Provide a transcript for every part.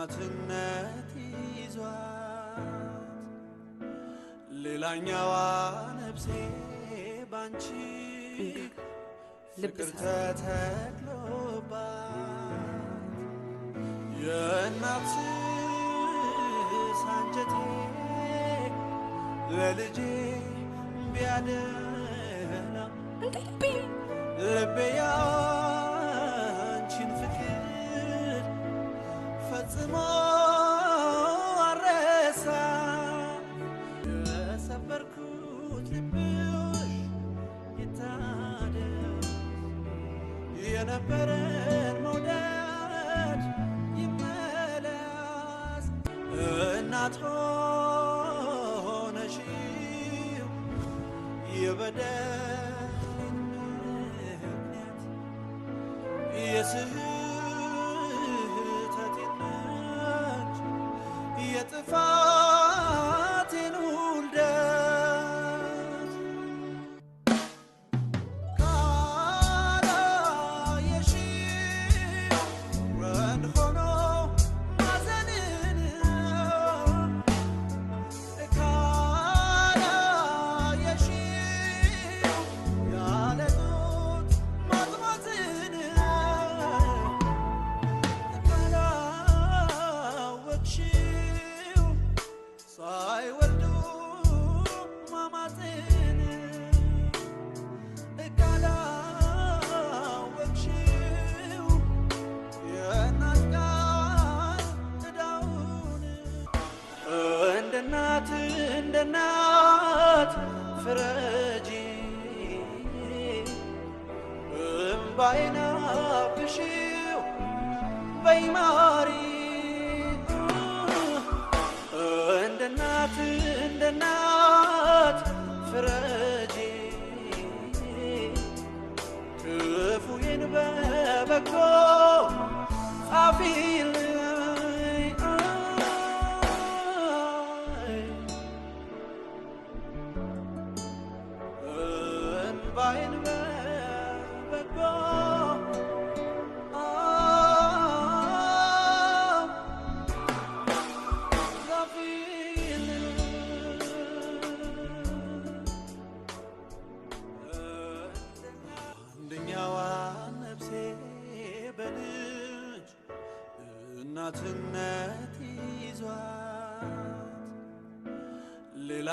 እናትነት ይዟት ሌላኛዋ ነብሴ ባንቺ ፍቅር ተተክሎባት የእናትስ አንጀቴ ለልጄ ቢያደላ ልቤ ፈጽሞ አረሳ የሰበርኩት ልብሽ መውደድ ይመለስ እናት ሆነሽ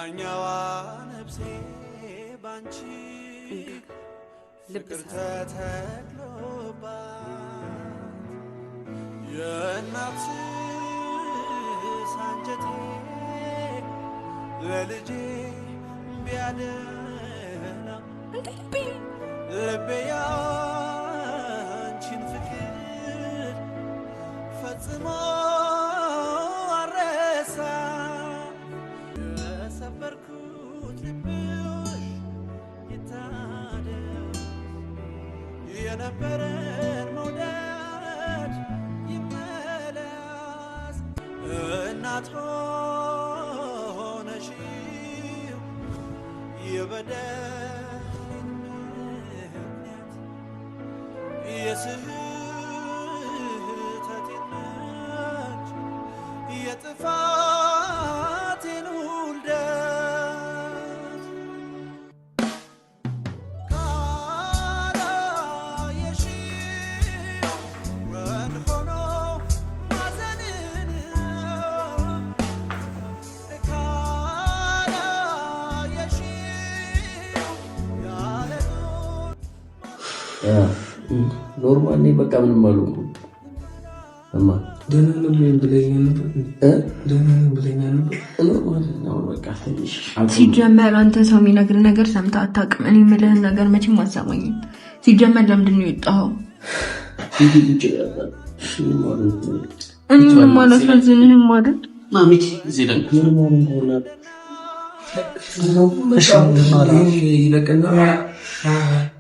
ዳኛዋ ነብሴ ባንቺ ፍቅር ተተክሎባት የእናትሽ አንጀቴ ለልጄ ቢያደላ ልቤ የነበረን መውደድ ይመለስ። እናት ሆነሽ የበደል ምክንያት ኖርማል ነኝ። በቃ ምንም አልሆንኩም። ነው ነው ሲጀመር አንተ ሰው የሚነግርህ ነገር ሰምተህ አታውቅም። እኔ የምልህን ነገር መቼም አትሰማኝም። ሲጀመር ለምንድን ነው የወጣኸው? እኔ ምንም አላሳዝንህም ማለት ማሚት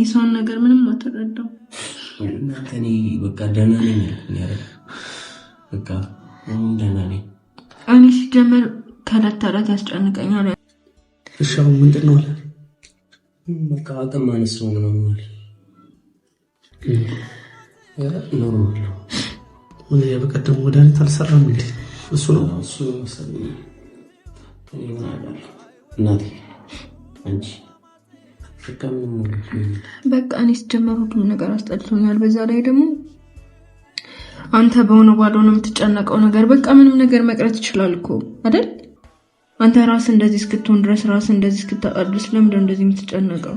የሰውን ነገር ምንም አትረዳው። እኔ በቃ ደህና ነኝ በቃ ደህና ነኝ። እኔ ሲጀመር ከዕለት ተዕለት ያስጨንቀኛል። እሻው ምንድን ነው በቃ አቅም ነው ምናምን መድኃኒት አልሰራም እንዴ? እሱ ነው እሱ መሰለኝ እናቴ አንቺ በቃ እኔ ሲጀመር ሁሉም ነገር አስጠልቶኛል። በዛ ላይ ደግሞ አንተ በሆነ ነው የምትጨነቀው ነገር በቃ ምንም ነገር መቅረት ይችላል እኮ አይደል? አንተ ራስ እንደዚህ እስክትሆን ድረስ ራስ እንደዚህ እስክታጣ ድረስ እንደዚህ የምትጨነቀው?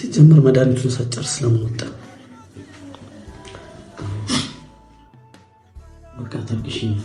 ሲጀምር መድኃኒቱን ሳጨርስ ስለምን ወጣ? በቃ ታብቅሽኛል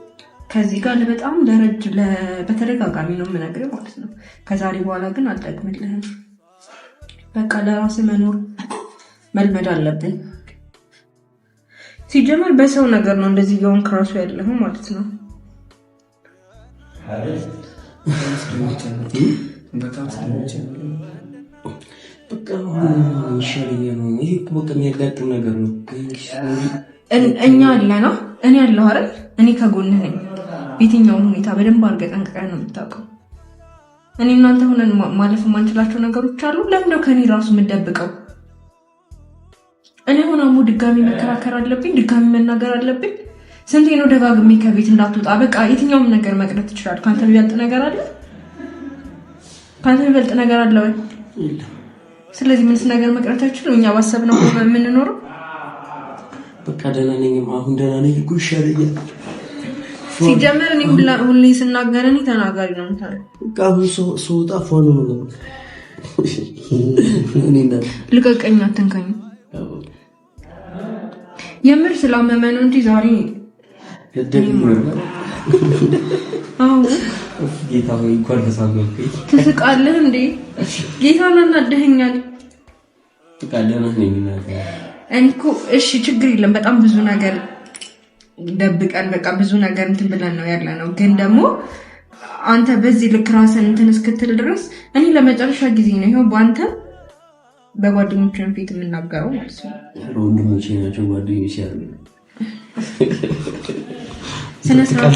ከዚህ ጋር በጣም ለረጅም በተደጋጋሚ ነው የምነግርህ ማለት ነው። ከዛሬ በኋላ ግን አልጠቅምልህም። በቃ ለራስ መኖር መልመድ አለብን። ሲጀመር በሰው ነገር ነው እንደዚህ እየሆንክ ከራሱ ያለህ ማለት ነው። እኛ አለ ነው እኔ አለሁ አይደል? እኔ ከጎንህ ነኝ የትኛውን ሁኔታ በደንብ አድርገህ ጠንቅቀህ ነው የምታውቀው። እኔ እናንተ ሆነን ማለፍ የማንችላቸው ነገሮች አሉ። ለምንድነው ከእኔ ራሱ የምደብቀው? እኔ ሆነ አሞ ድጋሚ መከራከር አለብኝ? ድጋሚ መናገር አለብኝ? ስንቴ ነው ደጋግሜ ከቤት እንዳትወጣ በቃ የትኛውም ነገር መቅረት ይችላል። ከአንተ የሚበልጥ ነገር አለ? ከአንተ የሚበልጥ ነገር አለ ወይ? ስለዚህ ምንስ ነገር መቅረት አይችልም። እኛ ባሰብነው የምንኖረው በቃ ደህና አሁን ደህና ነኝ እኮ ይሻለኛል ሲጀመር እኔ ሁሌ ስናገር እኔ ተናጋሪ ነው። አሁን ስወጣ ፏኖ ልቀቀኝ፣ አትንካኝ። የምር ስላመመ ነው እንጂ ዛሬ ትስቃለህ እንዴ? ጌታን አናደኸኛል። እኔ እኮ እሺ፣ ችግር የለም በጣም ብዙ ነገር ደብቀን በቃ ብዙ ነገር እንትን ብለን ነው ያለ ነው። ግን ደግሞ አንተ በዚህ ልክ ራስን እንትን እስክትል ድረስ እኔ ለመጨረሻ ጊዜ ነው ይኸው በአንተ በጓደኞችን ፊት የምናገረው ማለት ነው። ወንድሞቼ ናቸው ያሉ ስነስርዓት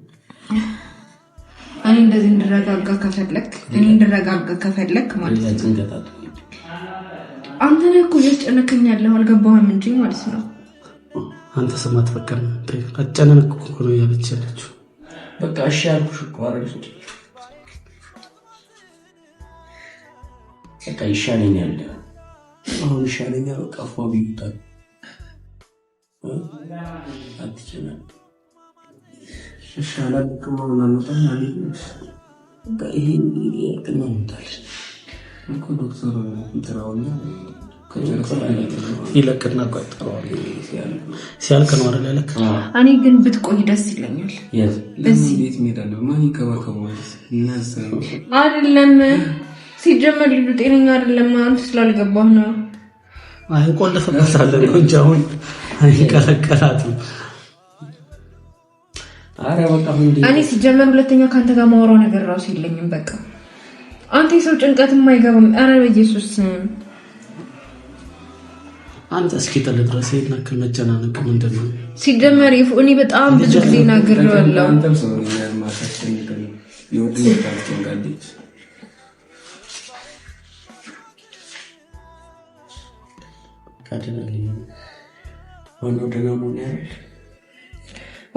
እኔ እንደዚህ እንድረጋጋ ከፈለክ እኔ እንድረጋጋ ከፈለክ ማለት ነው አንተ ነህ እኮ እያስጨነቀኝ ያለው አልገባህም እንጂ ማለት ነው። አንተ ስማ አትፈቀም አጨናነቅ እኮ ነው እያለች ያለችው። በቃ እሺ አልኩሽ እኮ አረግሽ በቃ ይሻለኛል፣ አሁን ይሻለኛል። በቃ ፏ ብዩታል አትጨናነቅ ይሻላል። ህክምና ናመጣል ይለቅና ሲያልቅ ነው አይደል? ያለክ እኔ ግን ብትቆይ ደስ ይለኛል። ቤት ማን አይደለም ሲጀመር ልጁ ጤነኛ አይደለም። አንተ ስላልገባህ ነው። አይ ቆለፈበታል እንጂ አሁን አይቀለቀላትም እኔ ሲጀመር ሁለተኛ ከአንተ ጋር ማውራው ነገር ራሱ የለኝም። በቃ አንተ የሰው ጭንቀት አይገባም። ኧረ በኢየሱስ አንተ እስኪ ጥል ድረስ ይሄን ያክል መጨናነቅ ምንድን ነው? ሲጀመር እኔ በጣም ብዙ ጊዜ ናግሬዋለሁ። አንተም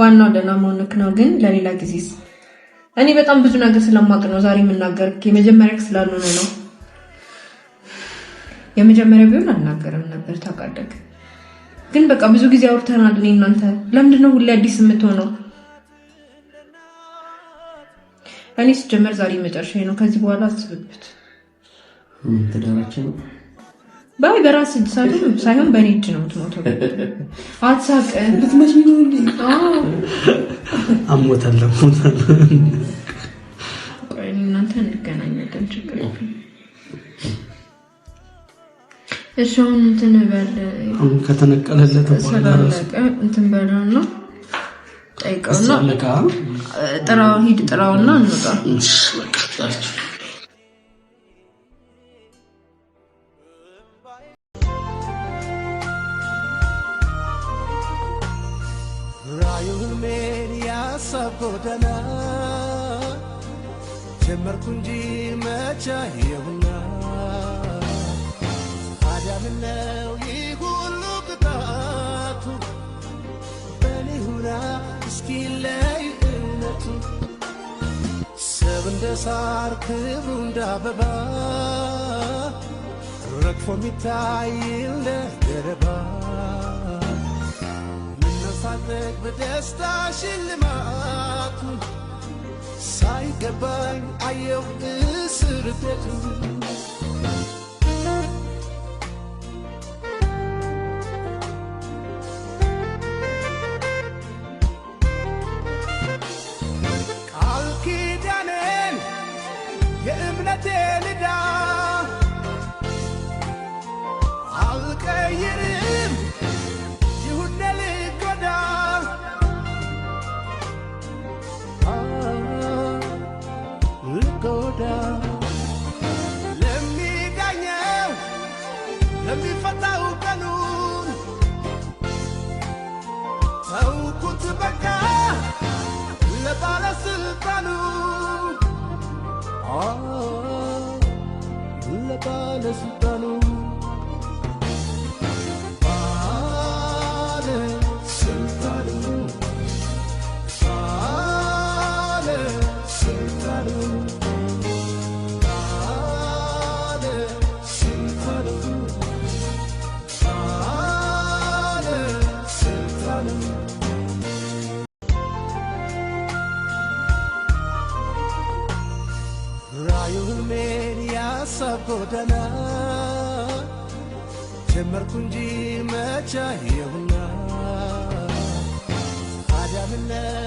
ዋናው ደህና መሆንክ ነው። ግን ለሌላ ጊዜስ እኔ በጣም ብዙ ነገር ስለማቅ ነው ዛሬ የምናገር። የመጀመሪያ ስላልሆነ ነው። የመጀመሪያ ቢሆን አልናገርም ነበር ታውቃለህ። ግን በቃ ብዙ ጊዜ አውርተናል። እኔ እናንተ ለምንድነው ነው ሁሌ አዲስ የምትሆነው? እኔ ስጀመር ዛሬ መጨረሻ ነው። ከዚህ በኋላ አስብበት ትዳራችን ባይ በራስ ሳይሆን በእኔ እጅ ነው የምትሞተው። አትሳቅ ልትመጪ ነው እንዴ? አሞታል እናንተ እንገናኛለን፣ ችግር እሺ። አሁን እንትን በል አሁን ከተነቀለለት እንትን በለውና ጠይቀውና ጥራው፣ ሂድ ጥራውና እንወጣ። ሰማዩ ያሳብ ጎዳና ጀመርኩ እንጂ መቻየሁና አዲያ ነው ይህ ሁሉ ቅጣቱ በኔ ሁና እስኪለይ እውነቱ ሰብ እንደ ሳር ክብሩ እንደ አበባ ረግፎ የሚታይ እንደ ገለባ ሳድግ በደስታሽ ልማቱ ሳይገባኝ አየሁ እስር ቤቱ كنت بكاه لبعل سلطانو آه لبعل سلطانو ጎዳና ጀመርኩ እንጂ መቻ የሁና አዳምነት